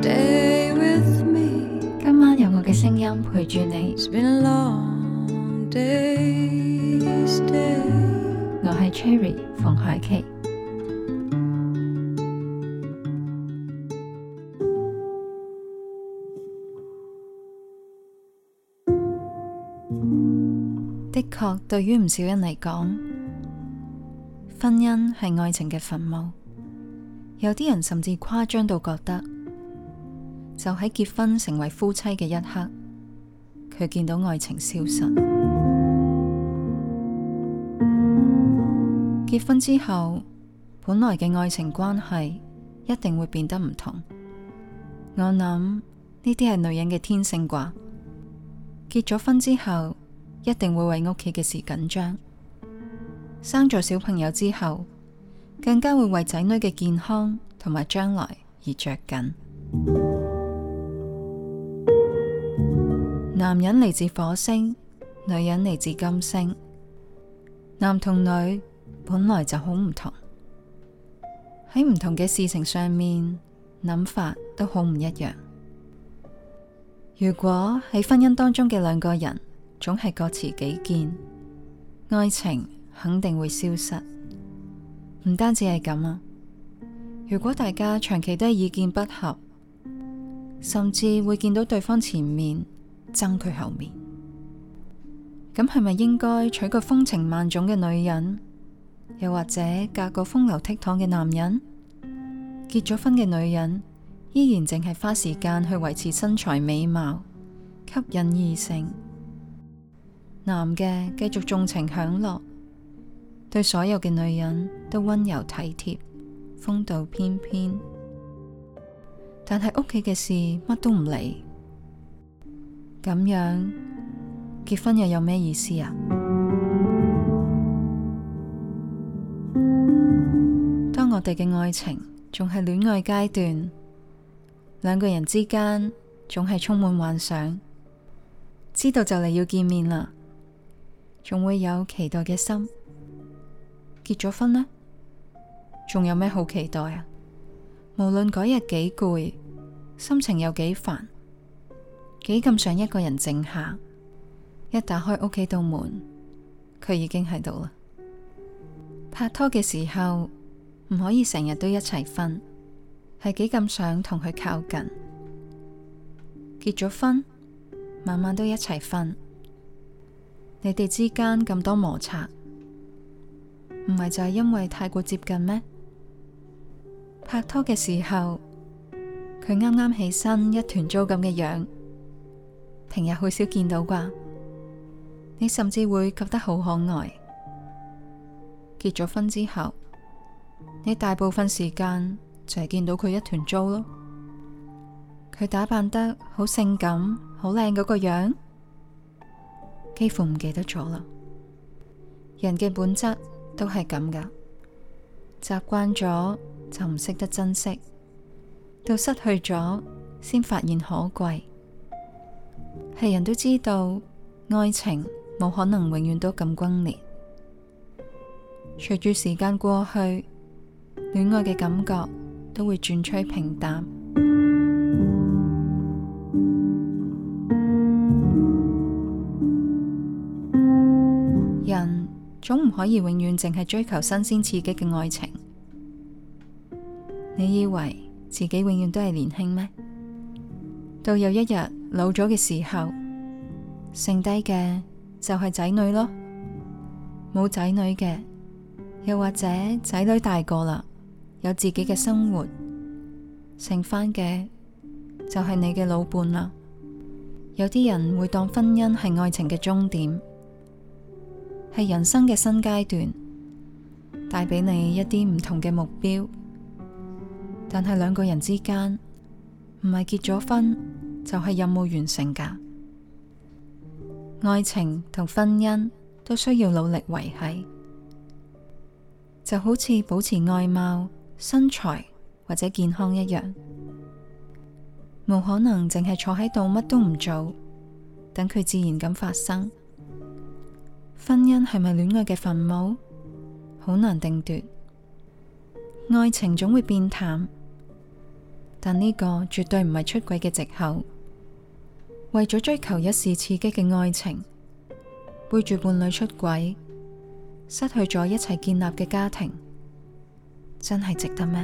今晚有我嘅聲音陪住你。我係 Cherry 馮凱淇。 的確，對於唔少人嚟講，婚姻係愛情嘅墳墓。有啲人甚至誇張到覺得。就喺結婚成為夫妻嘅一刻，佢見到愛情消失。結婚之後，本來嘅愛情關係一定會變得唔同。我諗呢啲係女人嘅天性啩。結咗婚之後，一定會為屋企嘅事緊張。生咗小朋友之後，更加會為仔女嘅健康同埋將來而着緊。男人嚟自火星，女人嚟自金星，男同女本來就好唔同，喺唔同嘅事情上面諗法都好唔一樣。如果喺婚姻當中嘅兩個人總係各持己見，愛情肯定會消失。唔單止係咁啊，如果大家長期都係意見不合，甚至會見到對方前面，憎佢後面，咁係咪應該娶個風情萬種嘅女人，又或者嫁個風流倜儻嘅男人？結咗婚嘅女人依然淨係花時間去維持身材美貌，吸引異性。男嘅繼續縱情享樂，對所有嘅女人都溫柔體貼，風度翩翩，但係屋企嘅事乜都唔理。咁樣結婚又有咩意思啊？當我哋嘅愛情仲係戀愛階段，兩個人之間仲係充滿幻想，知道就嚟要見面啦，仲會有期待嘅心。結咗婚呢，仲有咩好期待啊？無論嗰日幾攰，心情有幾煩。幾咁想一個人靜下，一打開屋企道門，佢已經喺度啦。拍拖嘅時候唔可以成日都一齊瞓，係幾咁想同佢靠近。結咗婚，晚晚都一齊瞓，你哋之間咁多摩擦，唔係就係因為太過接近咩？拍拖嘅時候，佢啱啱起身，一團糟咁嘅樣。平日好少見到啩，你甚至會覺得好可愛。結咗婚之後，你大部分時間就係見到佢一團糟咯。佢打扮得好性感、好靚嗰個樣，幾乎唔記得咗啦。人嘅本質都係咁噶，習慣咗就唔識得珍惜，到失去咗先發現可貴。係人都知道，愛情冇可能永遠都咁轟烈。隨住時間過去，戀愛嘅感覺都會轉趨平淡。人總唔可以永遠淨係追求新鮮刺激嘅愛情。你以為自己永遠都係年輕咩？到有一日老咗嘅時候。剩低嘅就係仔女咯，冇仔女嘅，又或者仔女大個啦，有自己嘅生活，剩翻嘅就係你嘅老伴啦。有啲人會當婚姻係愛情嘅終點，係人生嘅新階段，帶俾你一啲唔同嘅目標。但係兩個人之間唔係結咗婚就係任務完成噶。愛情同婚姻都需要努力維繫，就好似保持外貌、身材或者健康一樣，冇可能淨係坐喺度乜都唔做，等佢自然咁發生。婚姻係咪戀愛嘅墳墓，好難定奪。愛情總會變淡，但呢個絕對唔係出軌嘅借口。為咗追求一時刺激嘅愛情，背住伴侶出軌，失去咗一齊建立嘅家庭，真係值得咩？